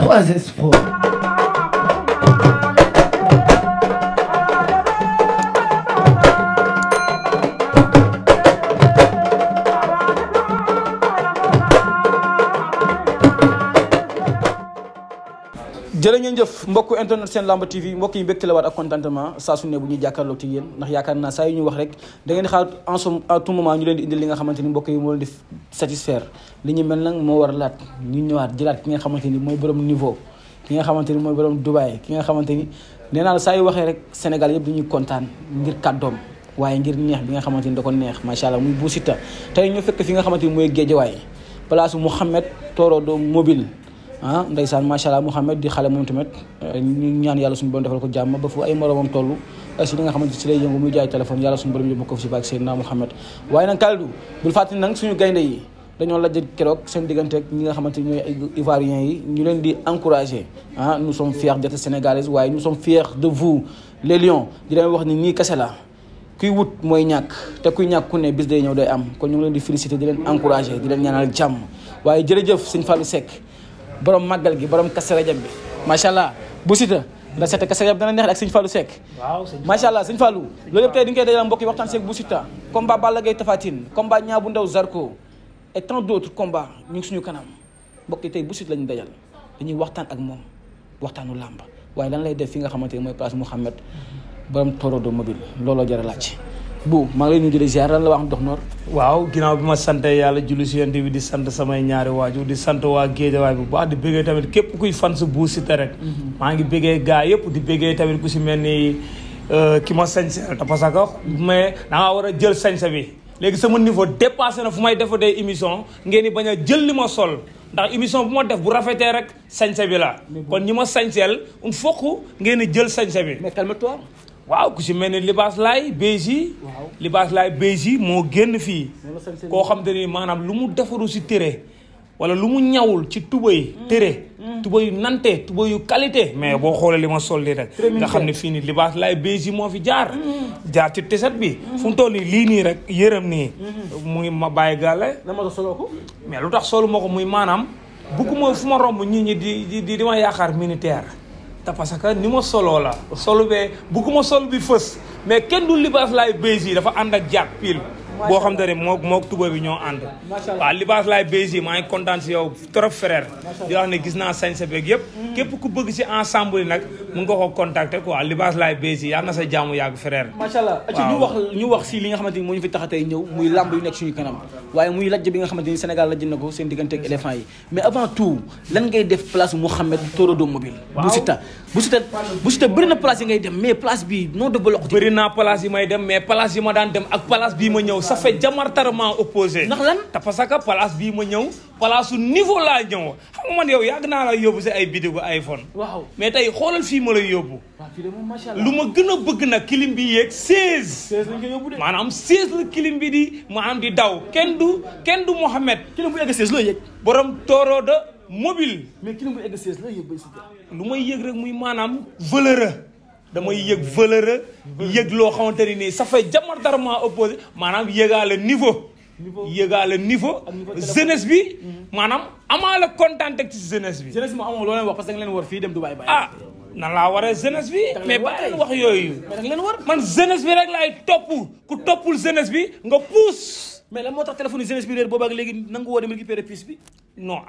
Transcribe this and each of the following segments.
What was this for? jërë ngeen jëf mbokku internet seen lamba yi mbégte la waat ak contentement saa su ne bu ñuy jàkkaarloo ci yéen ndax yaakaar naa saa yu ñu wax rek da ngeen di xaar en somme à tout moment ñu leen di moo leen di satisfaire li ñu mel nag laat jëlaat ki nga xamante ni mooy borom niveau ki nga xamante ni mooy borom Dubaay ki nga xamante ni nee naa la saa yu waxee rek Sénégal yëpp dañuy kontaan ngir kàddoom waaye ngir neex bi nga xamante ni da ko neex macha allah muy Bou te tey ñu fekk fi nga xamante ni mooy Géejawaay place Mouhamed Torodo mobile ah ndeysaan macha allah Mouhamed di xale moom tamit eh, ñu ñaan yàlla suñu borom defal ko jàmm ba fu ay moromam toll si li nga xamante si lay yëngu muy jaay téléphone yàlla suñu borom yóbbu ko waaye nag Kalidou bul fàttali nag suñu gaynde yi dañoo lajjë keroog seen diggante ñi nga xamante ñooy Ivoiriens yi ñu leen di encouragé ah nous sommes fiers d'être sénégalaises waaye nous sommes fiers de vous les di leen wax ni nii kese la kuy wut mooy ñàkk te kuy ñàkk ku ne bis day ñëw day am kon ñu ngi leen di félicité di leen encouragé di leen ñaanal jàmm waaye jërëjëf sëñ Fallou Seck borom màggal gi borom Kazu Rajab bi macha allah bu Siteu la Siteu Kazu Rajab dana neex ak sëñ Fallou Seck macha allah sëñ Fallou loolu yëpp tey di nga koy dajal mbokk waxtaan seeg bu Siteu combat Balla Gaye Tapha Tine combat ñaa bu ndaw Zarko et tant d'autres combats ñu suñu kanam mbokk yi tey bu Siteu lañu dajal dañuy waxtaan ak moom waxtaanu làmb waaye lan lay def fi nga xamante ne mooy place Mouhamed borom Torodo mobile looloo jar a laaj bu maa ngi lay nuyu di la ziar lan la wax dox noor waaw ginnaaw bi ma sante yàlla julli si yent bi di sant samay ñaari waajur di sant waa géejawaay bu baax di bëggee tamit képp kuy fan sa Bou Siteu rek mhm. maa ngi bëggee gaa yëpp di bëggee tamit ku si mel ni euh, ki ma sañse te parce que mais dangaa war a jël sañse bi léegi sama niveau dépassé na fu may defa dee émission ngeen ni bañ a jël li ma sol ndax émission bu ma def bu rafetee rek sañse bi la kon ñi ma sañseel il ngeen di jël sañse bi mais calme-toi waaw ku si mel ni libaas laay Béji. waaw libaas laay Béji moo génn fii. koo xam te ni maanaam lu mu defaru si tére wala lu mu ñawul ci tuba yi mm. tére mm. tuba yu nante tuba yu qualité. mais boo xoolee li ma sol nii rek. nga xam ne fii nii libaas laay Béji moo fi jaar. Mm. jaar ci tisat bi. fu mu toll nii lii nii rek yërëm nii. muy ma bàyyi gàlle. dama ko soloo ko. mais lu tax solu ma ko muy maanaam. bugguma fu ma romb ñii ñi di di di ma yaakaar militaire. te parce que ni ma solo la solu bee bugguma sol bi fës mais kenn du libaas laay bées yi dafa ànd ak jàpp pile boo xam te ne moo moo tuba ñoo ànd waaw libaas laay Beji maa ngi kontaan si yow trop frère di wax ne gis naa sañse beeg yëpp mm. képp ku bëgg si ensemble yi nag mun nga ko contacter quoi libaas laay Beji yal na sa jaamu yàgg frère macha allah ci ñu wax ñu wax si li nga xamante ni moo ñu fi taxatee ñëw muy làmb yu nekk suñu kanam waaye muy lajj bi nga xamante ni Sénégal lajj na ko seen diggante ak éléphant yi mais avant tout lan ngay def place Mouhamed Toro de bloc dem mais place ma daan dem ak place bii ma sa fait diamétralement opposé ndax lan te parce que place ma ñëw place su niveau laa ñëw xam nga man yow yàgg naa la yóbbu si ay bidigu iPhone waaw mais tey xoolal fii ma lay yóbbu lu ma gën a bëgg nag kilim bi yeeg 16 maanaam 16 la kilim bi di maanaam di daw kenn du kenn du Mohamed kilim bu yegg 16 looy yëg borom tooroo de mobile mais kilim bu yegg 16 looy lu may yëg rek muy maanaam valeureux damay yëg valeur yëg loo xamante ne nii ça fait diamétralement opposé maanaam yëgaale niveau. niveau yëgaale niveau. jeunesse bi. Mhm. maanaam amaa la contente ci jeunesse bi. jeunesse bi amoo loo leen wax parce que nga war fii dem Dubaay bàyyi. ah nan laa waree jeunesse bi. mais ba leen wax yooyu. leen war man jeunesse bi rek laay topp ku toppul jeunesse bi nga pousse. mais lan moo tax téléphone yi bi réer boobu ak léegi nangu woo dem récupérer pièce bi non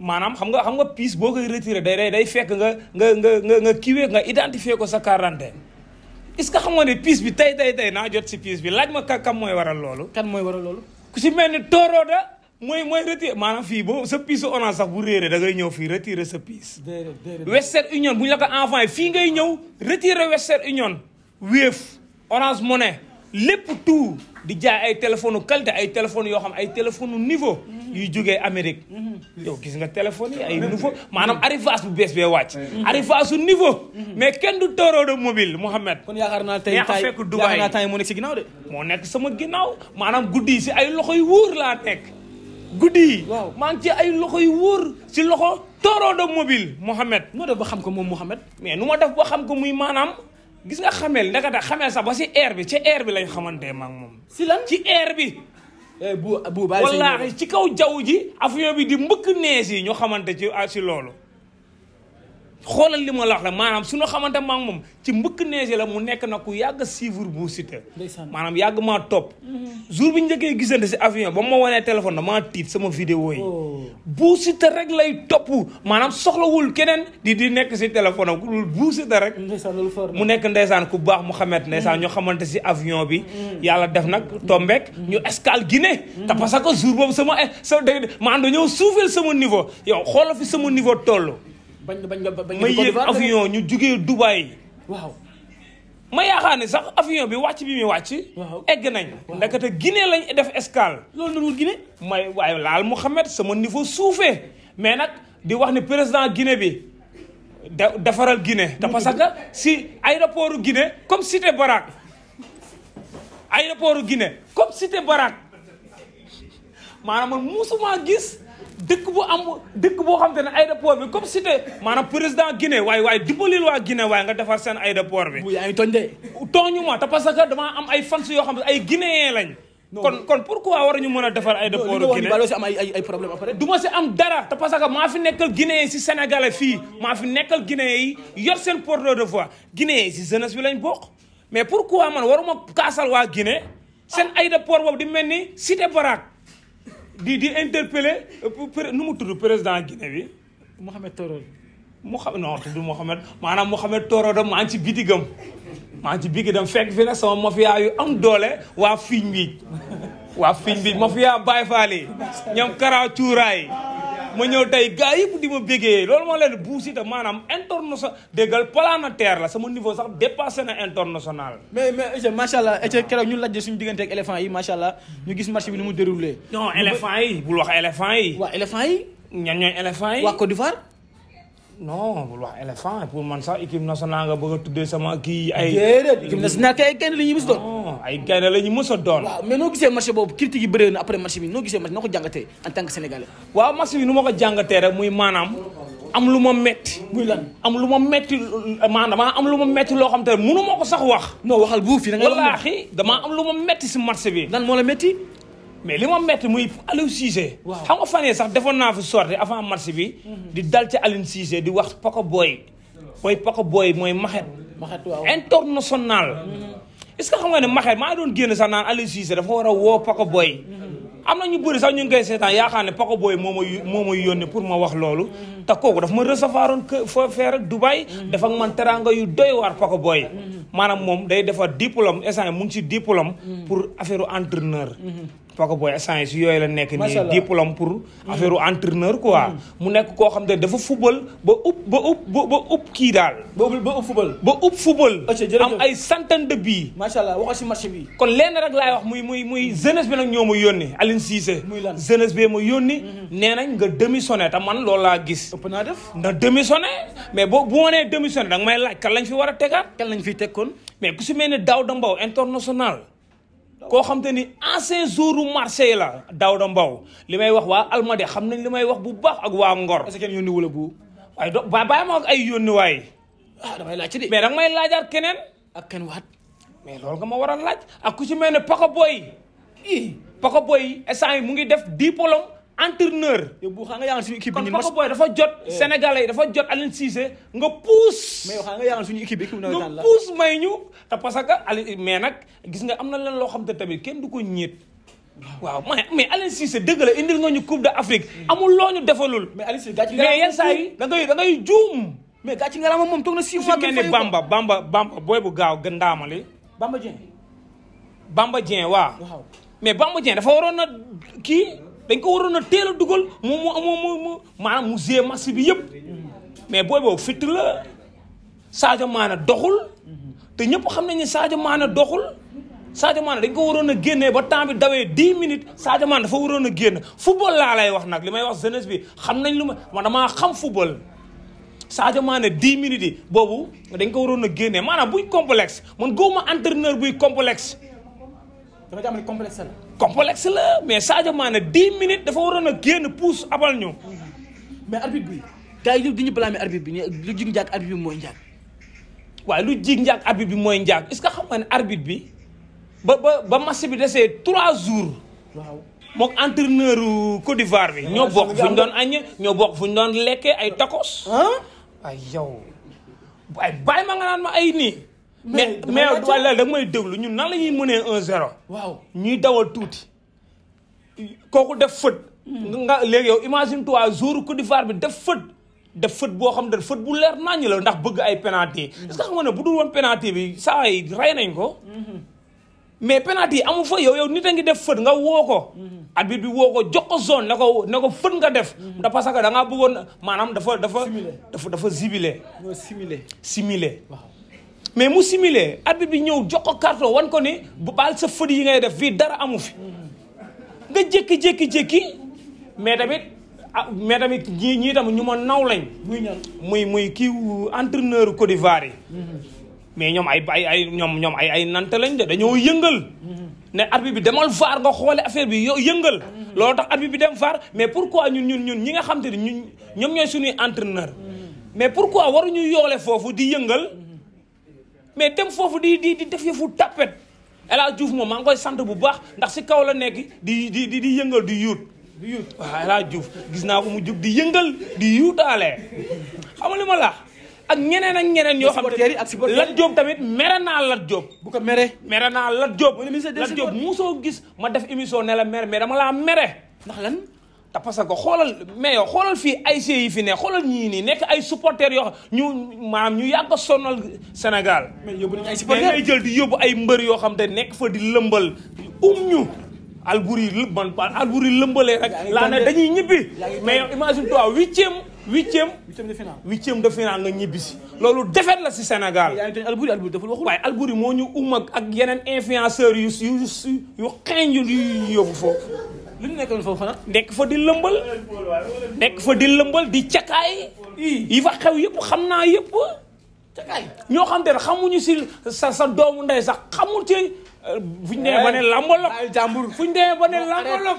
maanaam xam nga xam nga pièce boo koy retiré day day fekk nga nga nga nga kiiwee nga identifier ko sa quarantaine est-ce que xam nga ne pièce bi tey tey tey naa jot si pièce bi laaj ma ka kam mooy waral loolu. kan mooy waral loolu. ku si mel ni Toroda mooy mooy retiré maanaam fii boo sa pièce orange sax bu réeré da ngay ñëw fii retiré sa pièce. Western Union bu ñu la ko envoyé fii ngay ñëw retiré Western Union. Wave Orange Money lépp tout. di jaay ay téléphone qualité ay téléphone yoo xam ay téléphone niveau mm-hmm. yuy jógee Amérique mm-hmm. yow gis nga téléphone yi ay mm-hmm. nouveau maanaam arrivage bu bees bee wàcc arrivage su niveau mais kenn du tooroo de mobile Mouhamed kon yaakaar naa tey taay fekk Dubaay naa taay moo nekk si ginnaaw de moo nekk sama ginnaaw maanaam guddi yi si ay loxo yu wóor laa nekk guddi yi maa ngi ci ay loxo yu wóor si loxo tooroo de mobile Mouhamed noo def xam ko moom Mouhamed mais nu ma def ba xam ko muy maanaam gis nga xamel ndaka da xamel sax ba si air bi ci air bi lañ xamante ma moom. si lan ci air bi. Eh, bu bu wallaahi ci kaw jaww ji avion bi di mbëkk nees yi ñu xamante ci ah, si loolu. xoolal li ma la wax la maanaam suñu xamante maam moom ci mbëkk neege la mu nekk na ku yàgg suivre bu Siteu maanaam yàgg maa topp mm-hmm. jour bi njëkkee gisante si avion ba ma wanee téléphone damaa tiit sama vidéo yi bu oh. rek lay topp maanaam soxlawul keneen di di nekk si téléphone am ku dul bu Siteu rek mu nekk ndeysaan ku baax Mouhamed ndeysaan mm. ñu xamante si avion bi mm. yàlla def nag mm. tombeek ñu escale Guinée te parce que jour boobu sama eh, sa maa maan ñëw suufeel sama niveau yow xoolal fi sama niveau toll bañ bañ nga bañ ma yéeg avion ñu jugee Dubaï. waaw. ma yaakaar ne sax avion bi wàcc bi muy wàcc. egg nañ. ndakate Guinée lañ def escale. loolu nanul Guinée. may waaye laal Mouhamed sama niveau suufee mais nag di wax ne président Guinée bi defaral Guinée. te parce si aéroport Guinée comme cité Barak. aéroport Guinée comme cité Barak maanaam man musuma gis. dëkk bu am dëkk boo xam te ne aéroport bi comme cité maanaam président Guinée waaye waaye dimbalil waa Guinée waaye nga defar seen aéroport bi. bu yaa ngi tooñ de. tooñu ma te damaa am ay fans yoo xam ne ay guinéen lañ. kon kon pourquoi ñu mën a defar aéroport Guinée non li am ay ay problème après. du ma si am dara que maa fi nekkal Guinée yi si Sénégal fii maa fi nekkal Guinée yi yor seen porte de voix Guinée yi si jeunesse bi lañ bokk mais pourquoi man waruma kaasal waa Guinée seen aéroport boobu di mel ni cité Barak. di di interpellé euh, nu mu tudd président Guinée bi. Mohamed Toro. mu xam non tudd Mohamed maanaam Mohamed Toro da maa ngi ci bitigam maa ngi ci bitigam fekk fi nag sama mafia yu am doole waa fiñ bi waa fiñ bi ma Baye Fall yi ñoom Kara Cuuraay ma ñëw tey gars yëpp di ma bégee loolu moo leen Bou Siteu maanaam international déggal planétaire la sama niveau sax dépassé na international. mais mais Eche macha allah Eche keroog ñu lajjee suñu diggante ak éléphant yi macha gis marché bi ni mu déroulé. non éléphant yi bul wax éléphant yi. waa éléphant yi. ñan ñooy éléphant yi. waa Côte d'Ivoire. non bul wax éléphant pour man sax équipe nationale nga bëgg a tuddee sama kii ay. déedéet équipe nationale ay gaynde la ñuy mës doon. ay gaynde la ñuy a doon. waaw mais noo gisee match boobu critique yi bëree na après match bi noo gisee match noo ko jàngatee en tant que sénégalais. waaw match bi nu ma ko jàngatee rek muy maanaam am lu ma metti muy lan am lu ma metti maanaam am lu ma metti loo xam te ne mënu ma ko sax wax. non waxal bu fi da nga. wallaahi damaa am lu ma metti si match bi. lan moo la metti. mais li ma metti muy Aliou Cissé. xam nga fan sax defoon naa fi sorti avant marché bi. Mhm. di dal ci Aliou Cissé di wax Paka Boy. mooy Paka Boy mooy Maxet. Maxet waaw international. Mhm. est-ce que xam nga ne Maxet maa doon génn sax naan Aliou Cissé dafa war a woo Paka Boy. Mhm. am na ñu bëri sax ñu ngi koy seetaan yaakaar ne Paka Boy moo ma moo ma yónnee pour ma wax loolu. te kooku daf ma recevoir woon kë foo fee rek Dubaï. dafa man teraanga yu doy waar Paka maanaam moom day defar diplôme instant mu ngi ci diplôme. pour affaire entraîneur. Paka Boy instant yooyu la nekk nii diplôme pour mm. affaire entraîneur quoi mm. mu nekk koo xam ne dafa fubal ba upp ba upp ba upp kii daal ba upp fubal ba upp fubal am ay centaine de bii macha allah waxo si marché bi kon lenn rek laay wax muy muy muy jeunesse bi nag ñoo ma yónni Aline Cissé jeunesse bi ma yónni mm-hmm. nee nañ nga démissionné te man loolu laa gis ëpp naa def na démissionné mais boo bu ma nee démissionné danga may laaj kan lañ fi war a tegaat kan lañ fi teg kon mais ku si mel ne Daouda Mbow international koo xam te ni ancien joueur u Marseille la Daouda Mbow li may wax waa Almadi xam nañ li may wax bu baax ak waa Ngor est-ce que kenn yónni wala bu waaye do ba bàyyi ay yónni waay ah damay laaj ci mais danga may laajaat keneen ak kenn waat mais loolu nga ma war a laaj ak ku ci mel ne Paco Boy i Paco Boy yi mu ngi def diplôme entraîneur yow dafa jot. Eh. Sénégalais dafa jot Aliou Cissé nga pousse. mais yow xam nga yaa ngi may ñu. te parce que mais nag gis nga am na leen loo xam te tamit kenn du ko ñeet. waaw mais mais Aliou Cissé dëgg la indil nga ñu Coupe d'Afrique. Hmm. amul loo ñu defalul. mais Aliou Cissé gàcce nga mais yenn saa yi da ngay da ngay juum. mais gàcce nga la moom toog na six mois. kenn fayu ko Bamba Bamba Bamba booy bu gaaw gën ndaamali. Bamba Dieng. Bamba Dieng waaw. mais Bamba Dieng dafa waroon na kii dañ ko waroon na teel a dugal moom mu moom mu maanaam mu gée match bi yëpp mais booy boobu fitt la Sadio Mané doxul te ñëpp xam nañu ne Sadio Mané doxul Sadio Mané dañ ko waroon a génnee ba temps bi dawee Sadio Mané dafa waroon a génn football wax nag li may wax jeunesse xam nañ lu ma man damaa xam football Sadio Mané di minutes yi boobu dañ ko waroon a génnee maanaam buy complexe man góob ma entraîneur buy complexe. da nga jàpp ne complexe la. mais Sadio Mané 10 minutes dafa waroon a génn pousse abal ñu. mais arbitre bi gars ñu blâmer arbitre bi lu jig njàkk arbitre bi mooy njàkk. waaye lu jig njàkk arbitre bi mooy njàkk est-ce que xam nga ne arbitre bi ba ba ba match bi desee 3 jours. waaw mook entraîneur Côte d'Ivoire bi. ñoo bokk fu ñu doon aññe ñoo bokk fu ñu doon lekkee ay tacos. ay yow. waaye ma nga naan ma ay nii. mais mais wala da may déglu ñun nan la ñuy mënee un zéro. waaw ñuy dawal tuuti. kooku def fët. Hmm. nga léegi yow imagine toi jour Côte d'Ivoire bi def fët. def fët boo xam ne fët bu leer nañu la ndax bëgg ay penalty hmm. est-ce nga ne bu dul woon penalty bi saa yi rey nañ ko. Hmm. mais penalty amu fa yow yow nit a ngi def fët nga woo ko. arbitre bi woo ko jox ko zone ne ko na fët nga def. da parce que da ngaa bëggoon maanaam dafa dafa. dafa dafa zibilé. similé similé waaw. mais mu simile arbitre bi ñëw jox ko carton wan ko ni bu baal sa fëdi yi ngay def fii dara amu fi nga jékki jékki mais tamit ah, mais tamit ñii ñii ñu ma naw lañ muy muy kii entraîneur Côte d'Ivoire yi mm-hmm. mais ñoom ay ay ay ñoom ñoom ay ay nante lañ de ñëw yëngal mm-hmm. ne arbitre bi demal vaar nga xoole affaire bi yow yëngal mm-hmm. loolu tax arbitre bi dem vaar mais pour pourquoi ñun ñun ñun ñi nga xam te ne ñun ñoom ñooy suñuy entraîneur mais pour pourquoi ñu yoole foofu di yëngal mais dem foofu di di di def yëfu tàppet El Hadj Diouf moom maa ngi koy sant bu baax ndax si kaw la nekk di di di yëngal di yuut di yuut waaw El Hadj gis naa ko mu jóg di yëngal di yuutaale xam nga li ma la ak ñeneen ak ñeneen yoo xam ne Lat joob tamit mere naa Lat joob bu ko mere mere naa Lat Diop Lat Diop musoo gis ma def émission ne la mere mais dama laa mere ndax lan parce que xoolal mais yow xoolal fii ay see yi fi ne xoolal ñii nii nekk ay supporters yoo ñu maanaam ñu yàgg a sonal Sénégal. mais yóbbu nañu ay supporters ngay jël di yóbbu ay mbër yoo xam te nekk fa di lëmbal um ñu. Albouri man Albouri lëmbalee rek. laa ne dañuy ñibbi. mais yow imagine toi huitième. huitième huitième de finale huitième de finale nga ñibbi si. loolu defet la si Sénégal. yaa ngi toj dafa waxul. waaye Albouri moo ñu um ak yeneen influenceurs yu yu yu xeeñ yu yóbbu foofu. lu nekkoon foofu nag nekk fa di lëmbal nekk fa di lëmbal di cakaay yi fa xew yëpp xam naa yëpp cakaay ñoo xam te xamuñu si sa sa doomu ndey sax xamul ci euh, fu ñu demee ba ne eh, lambolog jàmbur fu ñu demee ba ne lambolog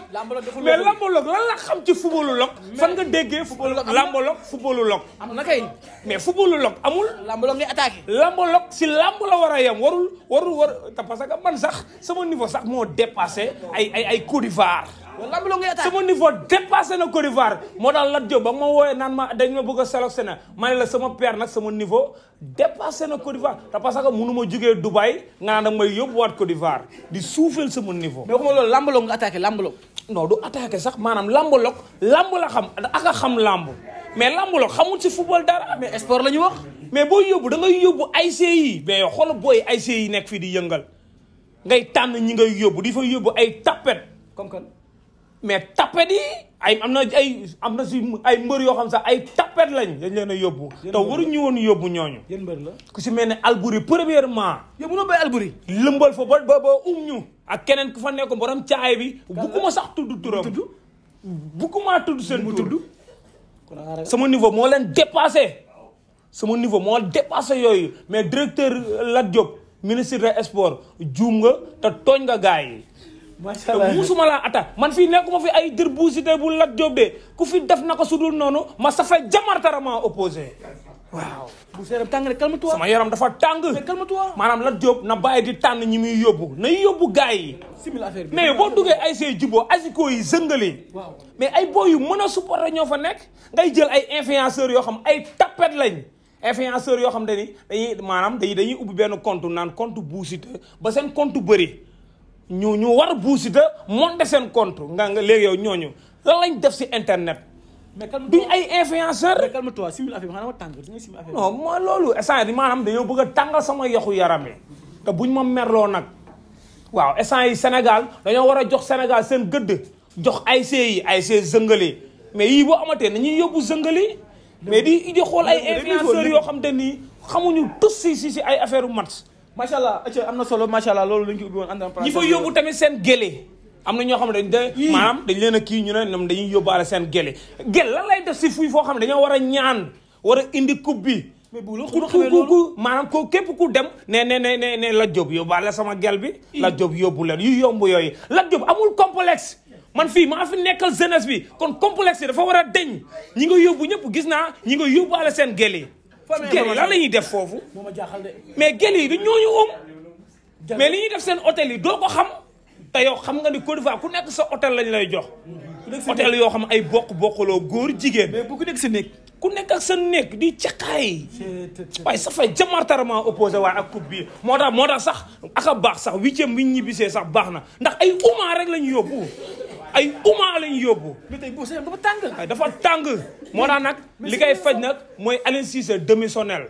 mais lambolog lan la xam ci footballu log fan nga déggee lambolog footballu log am na kay mais footballu log amul lambolog ngay attaqué lambolog si lamb la war a yem warul warul war te parce que man sax sama niveau sax moo dépassé ay ay ay Côte lamb la ngay attaqué sama niveau dépassé na moo tax Lat Diop ba ma wooyee naan ma dañ ma bëgg a sélectionné la sama père nag sama niveau dépassé na Côte d'Ivoire te parce que mënu ma jugee Dubaï nga naan da may yóbbuwaat Côte d'Ivoire di suufeel sama niveau. mais waxuma loolu lamb la nga attaqué lamb la. non du attaqué sax maanaam lamb la lamb la xam aka xam lamb mais lamb la xamul ci football dara mais sport la ñu wax. mais boo yóbbu dangay ngay yóbbu ay yi mais yow booy ay yi nekk fii di yëngal ngay tànn ñi ngay yóbbu di fa yóbbu ay tapet comme mais tapet yi ay am na ay am na si ay mbër yoo xam sax ay tapet lañ. dañ leen a yóbbu. te waruñu woon yóbbu ñooñu. yéen mbër la ku si mel ne Albouri premièrement. yow mënoo bay Albouri. lëmbal fa ba ba um ñu. ak keneen ku fa nekkoon borom caay bi. bugguma sax tudd turam tudd. bugguma tudd seen tur sama niveau moo leen dépassé. sama niveau moo dépassé yooyu mais directeur Lat Diop ministre des sports nga te tooñ nga gars yi. macha allah ma laa attaque man fii nekkuma fi ay dër bu Siteu bu Lat Diop de ku fi def na ko dul noonu ma safay jamartarama opposé waaw. bu sa yaram tàng rek sama yaram dafa tàng. mais calme toi maanaam Lat Diop na bàyyi di tànn ñi muy yóbbu na yóbbu gars yi. simil affaire bi mais boo duggee ay say jubóo asiko yi zëngalee. waaw mais ay boo yu mën a supporter ñoo fa nekk ngay jël ay influenceurs yoo xam ay tapet lañ. influenceurs yoo xam ne ni dañuy maanaam dañuy ubbi benn compte naan compte bu Siteu ba seen compte bëri. ñu ñu war Bou Siteu monter seen contre nga nga léegi yow ñooñu lan lañ def si internet. mais calme duñ ay influenceur mais calme toi simil ma tàng duñu simil mooy loolu instant yi maanaam dañoo bëgg a tàngal sama yaxu yaram yi bu buñ ma merloo nag waaw instant yi Sénégal dañoo war a jox Sénégal seen gëdd jox ay see yi ay see zëngale mais yii boo amatee nañuy yóbbu zëngale mais di di xool ay influenceurs yoo xam te nii xamuñu tus si si ay affaire u match macha allah am na solo macha allah loolu lañ ko ubbi woon ànd ñi fa yóbbu tamit seen gélé am na ñoo xam ne dañ da maanaam dañ leen a kii ñu ne ñoom dañuy yóbbaale seen gélé gel lan lay def si fuy foo xam ne dañoo war a ñaan war a indi coupe bi mais bu la xamee loolu maanaam ko képp ku dem. ne ne ne ne ne la job yóbbaale sama gel bi. la job yóbbu leen yu yomb yooyu. la job amul complexe man fii maa fi nekkal jeunesse bi kon complexe yi dafa war a deñ ñi nga yóbbu ñëpp gis naa ñi nga yóbbaale seen gel yi gel yi lan la ñuy def foofu mais gel yi du ñooñu um mais li ñuy def seen hôtel yi doo ko xam te yow xam nga ni Côte d'Ivoire ku nekk sa hôtel lañu lay jox hôtel yoo xam ay bokk bokkaloo góor jigéen mais bu ko nekk sa néeg ku nekk ak sa néeg di caqaay waaye sa fay jamartarement opposé waaye ak coupe bi moo tax moo tax sax aka baax sax huitième bi ñu ñibbisee sax baax na ndax ay uma rek la ñu yóbbu ay uma lañ yóbbu mais tey Boucher dafa tàng. dafa tàng moo tax nag li koy faj nag mooy Aliou Cissé démissionnel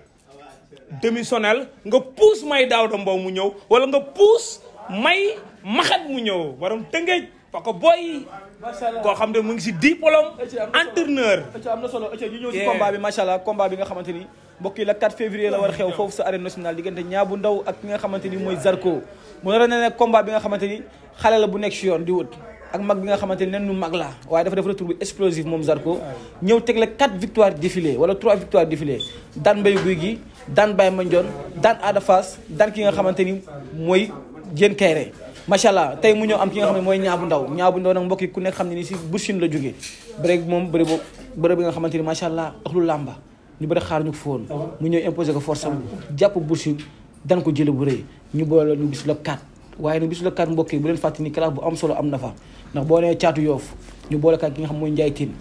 démissionnel nga puus may Daouda Mbow mu ñëw wala nga puus may maxat mu ñëw waram tëngeej parce que booy. macha allah koo xam ne mu ngi si diplôme. entraîneur. am na solo ñu ñëw si combat bi macha allah combat bi nga xamante ni. mbokk yi la 4 février la war xew foofu sa arène nationale diggante ñaabu ndaw ak nga xamante ni mooy Zarko mu nar a ne combat bi nga xamante ni xale la bu nekk si yoon di wut. ak mag bi nga xamante ne nen nu mag la waaye dafa def retour bu explosif moom Zarko ñëw teg la 4 victoires défilées wala 3 victoires défilées daan mbéyu guy gi daan Baye Mandione daan Ada Fass daan ki nga xamante ni mooy Diène Kairé macha allah tey mu ñëw am ki nga xam ne mooy ñaabu ndaw ñaabu ndaw nag mbokk yi ku nekk xam ne ni si bursin la jógee bëre moom bëre boobu bi nga xamante ni macha allah axlu làmba ñu bëri xaar ñu ko foon mu ñëw imposé ko force am jàpp bursin dan ko jële bu rëy ñu boole ñu gis la 4 waaye nag bisu la kaat mbokk yi bu leen fàtte ni classe bu am solo am na fa ndax boo nee caatu yoof ñu boole kaat ki nga xam mooy njaay tiin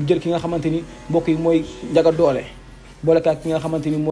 ñu jël ki nga xamante ni mbokk yi mooy njaga doole boole kaat ki nga xamante ni